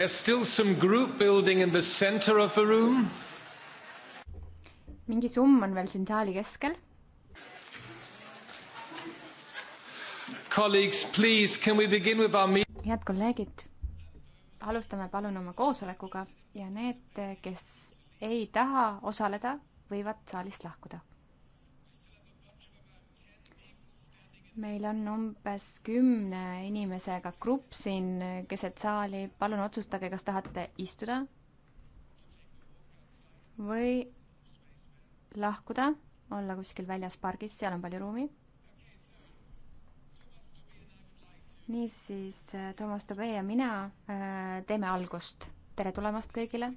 There's still some group building in the center of the room. mingi summ on veel siin saali keskel. Colleagues, please, can we begin with our meeting? head kolleegid, alustame palun oma koosolekuga ja need, kes ei taha osaleda, võivad saalist lahkuda meil on umbes kümne inimesega grupp siin keset saali, palun otsustage, kas tahate istuda või lahkuda, olla kuskil väljas pargis, seal on palju ruumi. niisiis, Toomas Tobe ja mina äh, teeme algust. tere tulemast kõigile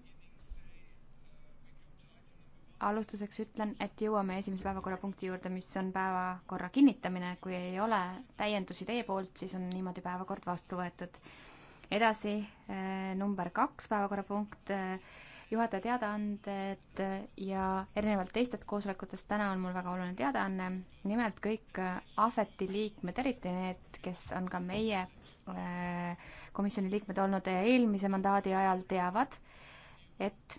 alustuseks ütlen, et jõuame esimese päevakorrapunkti juurde, mis on päevakorra kinnitamine. kui ei ole täiendusi teie poolt, siis on niimoodi päevakord vastu võetud. edasi eh, number kaks päevakorrapunkt, eh, juhataja teadaanded eh, ja erinevalt teistest koosolekutest täna on mul väga oluline teadaanne. nimelt kõik Ahveti liikmed, eriti need, kes on ka meie komisjoni liikmed olnud eelmise mandaadi ajal, teavad, et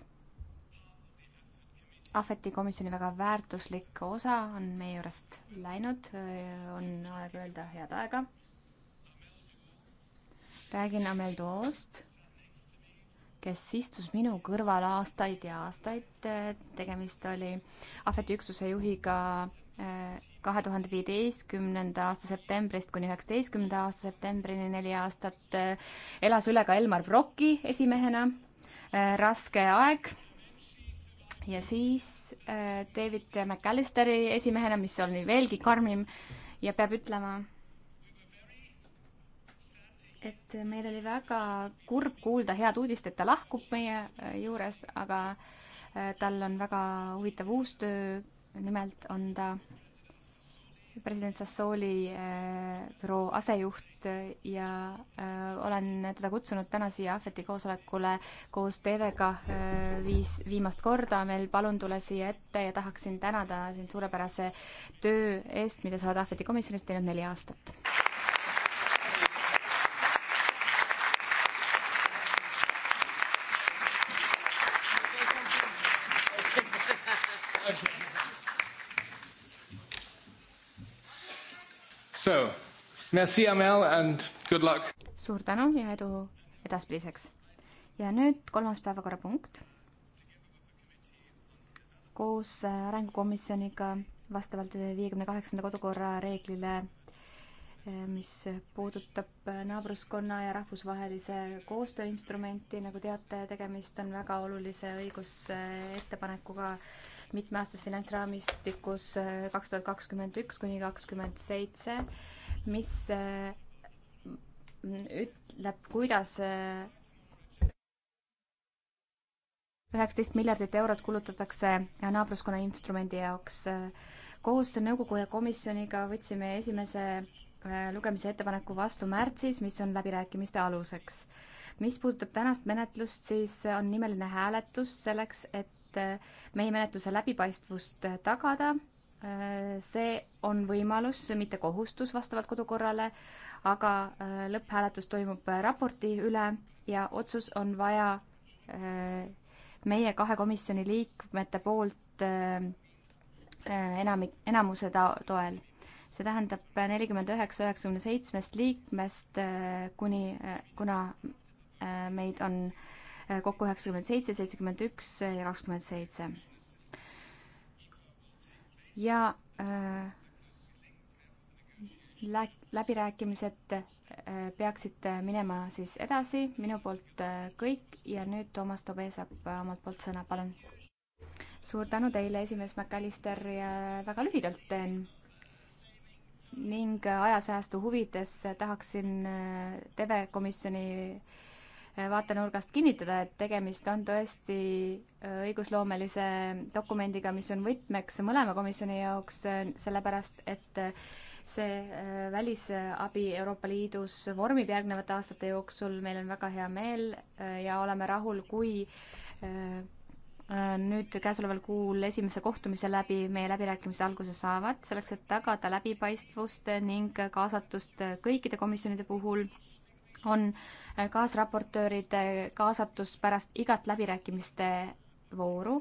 Ahveti komisjoni väga väärtuslik osa on meie juurest läinud, on aeg öelda head aega. räägin Amel Doost, kes istus minu kõrval aastaid ja aastaid. tegemist oli Ahveti üksuse juhiga eh, kahe tuhande viieteistkümnenda aasta septembrist kuni üheksateistkümnenda aasta septembrini neli aastat. elas üle ka Elmar Broki esimehena. Eh, raske aeg ja siis äh, David McAllisteri esimehena, mis oli veelgi karmim ja peab ütlema, et meil oli väga kurb kuulda head uudist, et ta lahkub meie äh, juurest, aga äh, tal on väga huvitav uus töö, nimelt on ta president Sassooli äh, büroo asejuht äh, ja äh, olen teda kutsunud täna siia Ahveti koosolekule koos TV-ga viis, viimast korda. Mel, palun tule siia ette ja tahaksin tänada sind suurepärase töö eest, mida sa oled Ahveti komisjonis teinud neli aastat Merci, Amel, and good luck! suur tänu ja edu edaspidiseks! ja nüüd kolmas päevakorrapunkt. koos äh, arengukomisjoniga vastavalt viiekümne kaheksanda kodukorra reeglile, äh, mis puudutab äh, naabruskonna ja rahvusvahelise koostöö instrumenti, nagu teate, tegemist on väga olulise õigusettepanekuga mitmeaastases finantsraamistikus kaks tuhat kakskümmend üks kuni kakskümmend seitse mis äh, ütleb, kuidas äh, üheksateist miljardit eurot kulutatakse naabruskonna instrumendi jaoks. koos nõukogu ja komisjoniga võtsime esimese äh, lugemise ettepaneku vastu märtsis, mis on läbirääkimiste aluseks. mis puudutab tänast menetlust, siis on nimeline hääletus selleks, et meie menetluse läbipaistvust tagada Äh, see on võimalus, mitte kohustus vastavalt kodukorrale, aga äh, lõpphääletus toimub äh, raporti üle ja otsus on vaja meie kahe komisjoni liikmete poolt enamik, enamuse ta-, toel. see tähendab nelikümmend üheksa üheksakümne seitsmest liikmest kuni, kuna meid on kokku üheksakümmend seitse, seitsekümmend üks ja kakskümmend seitse ja äh, läbirääkimised äh, peaksid äh, minema siis edasi, minu poolt äh, kõik ja nüüd Toomas Tobe saab äh, omalt poolt sõna, palun. suur tänu teile, esimees McAllister ja väga lühidalt teen ning äh, ajasäästu huvides tahaksin TV Komisjoni äh, vaatenurgast kinnitada, et tegemist on tõesti äh, õigusloomelise dokumendiga, mis on võtmeks mõlema komisjoni jaoks, äh, sellepärast et äh, see välisabi Euroopa Liidus vormib järgnevate aastate jooksul, meil on väga hea meel ja oleme rahul, kui nüüd käesoleval kuul esimese kohtumise läbi meie läbirääkimised alguse saavad, selleks et tagada läbipaistvust ning kaasatust kõikide komisjonide puhul on äh, kaasraportööride kaasatus pärast igat läbirääkimiste vooru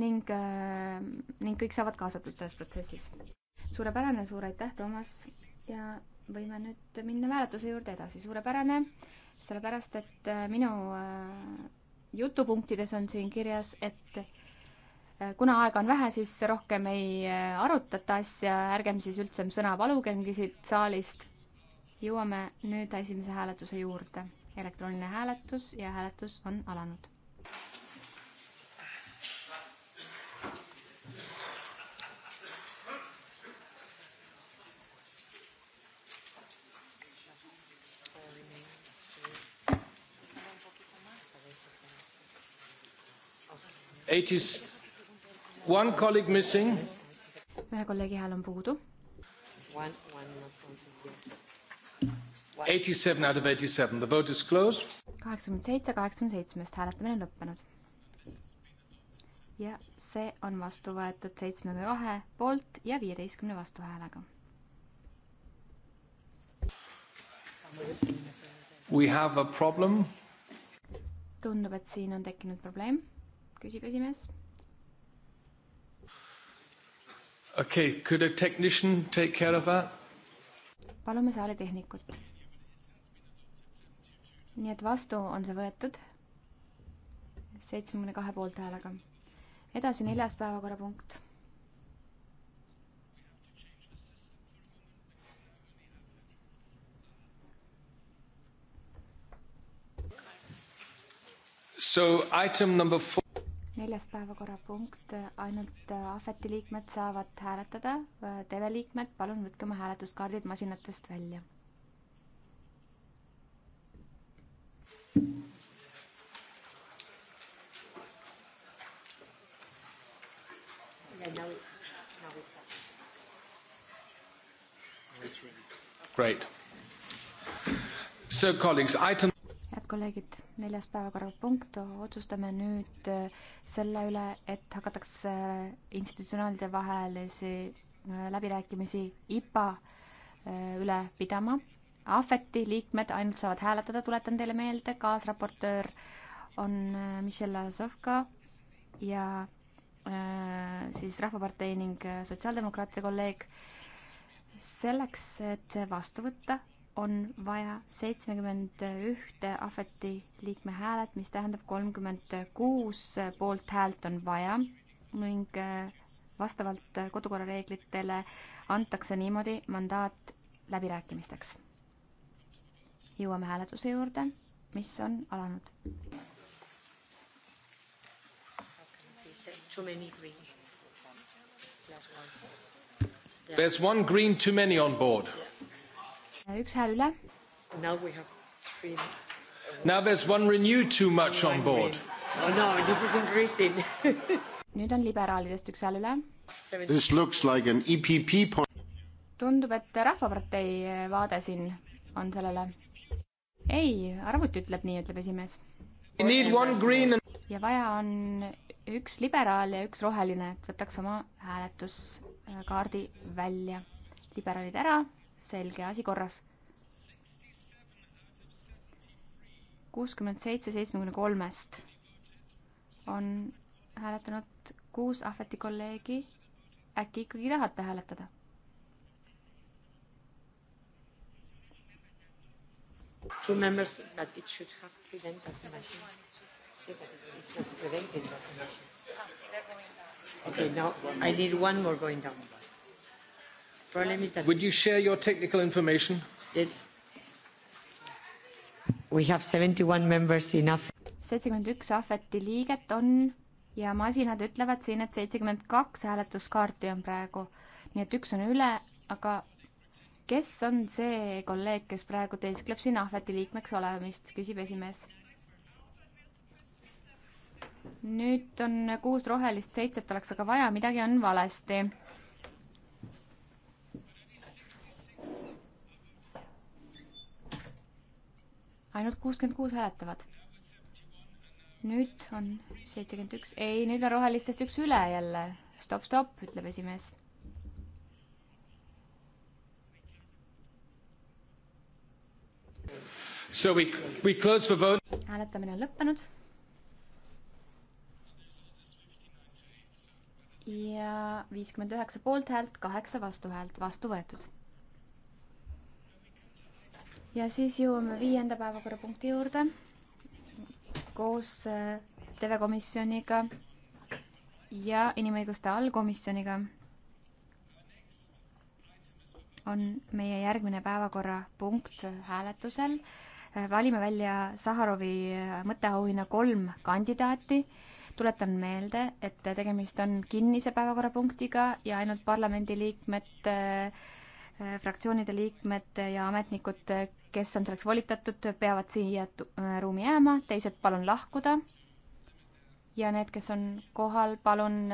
ning, äh, ning kõik saavad kaasatud selles protsessis. suurepärane, suur aitäh, Toomas, ja võime nüüd minna hääletuse juurde edasi, suurepärane, sellepärast et äh, minu jutupunktides on siin kirjas, et kuna aega on vähe, siis rohkem ei arutata asja, ärgem siis üldse sõna palugemgi siit saalist jõuame nüüd esimese hääletuse juurde. elektrooniline hääletus ja hääletus on alanud. Eighties, one colleague missing. ühe kolleegi hääl on puudu. One, one not counted yet. 87 out of 87, the vote is closed. kaheksakümmend seitse kaheksakümne seitsmest hääletamine on lõppenud. ja see on vastu võetud seitsmekümne kahe poolt ja viieteistkümne vastuhäälega. We have a problem. tundub, et siin on tekkinud probleem, küsib esimees Okay, could a technician take care of that? palume saali tehnikut nii et vastu on see võetud seitsmekümne kahe poolthäälega. edasi neljas päevakorrapunkt. neljas päevakorrapunkt, ainult äh, ahveti liikmed saavad hääletada, äh, TV liikmed, palun võtke oma hääletuskaardid masinatest välja Great. So colleagues, item head kolleegid, neljas päevakorrapunkt, otsustame nüüd eh, selle üle, et hakatakse eh, institutsionaalide vahelisi eh, läbirääkimisi IPA üle pidama. ahveti liikmed ainult saavad hääletada, tuletan teile meelde, kaasraportöör on Michelle Azovka ja Äh, siis Rahvapartei ning äh, Sotsiaaldemokraatide kolleeg. selleks, et see vastu võtta, on vaja seitsmekümmend ühte ahveti liikme häälet, mis tähendab kolmkümmend kuus poolthäält on vaja ning äh, vastavalt kodukorra reeglitele antakse niimoodi mandaat läbirääkimisteks. jõuame hääletuse juurde, mis on alanud. set too many greens. Plus one. Yeah. There's one green too many on board. Yeah. Üks hääl üle. Now we have three. Now there's one renew too much on board. Oh no, this is increasing. nüüd on liberaalidest üks hääl üle. This looks like an EPP point. tundub, et Rahvapartei vaade siin on sellele. ei, arvuti ütleb nii, ütleb esimees. ja vaja on üks liberaal ja üks roheline, et võtaks oma hääletuskaardi välja. liberaalid ära, selge, asi korras. kuuskümmend seitse seitsmekümne kolmest on hääletanud kuus ahveti kolleegi. äkki ikkagi tahate hääletada? Two members, but it should have prevent that. Okay, now I need one more going down. Problem is that. Would you share your technical information? It's. We have 71 members in AF. seitsekümmend üks ahveti liiget on ja masinad ütlevad siin, et seitsekümmend kaks hääletuskaarti on praegu. nii et üks on üle, aga kes on see kolleeg, kes praegu teeskleb siin ahveti liikmeks olemist, küsib esimees nüüd on kuus rohelist, seitset oleks aga vaja, midagi on valesti. ainult kuuskümmend kuus hääletavad. nüüd on seitsekümmend üks, ei, nüüd on rohelistest üks üle jälle stop,. stopp-stopp, ütleb esimees hääletamine on lõppenud. ja viiskümmend üheksa poolthäält, kaheksa vastuhäält, vastu võetud. ja siis jõuame viienda päevakorrapunkti juurde koos äh, telekomisjoniga ja inimõiguste allkomisjoniga on meie järgmine päevakorrapunkt äh, hääletusel. Äh, valime välja Saharovi mõtteauhinna kolm kandidaati tuletan meelde, et tegemist on kinnise päevakorrapunktiga ja ainult parlamendiliikmed, äh, fraktsioonide liikmed ja ametnikud, kes on selleks volitatud, peavad siia äh, ruumi jääma, teised palun lahkuda. ja need, kes on kohal, palun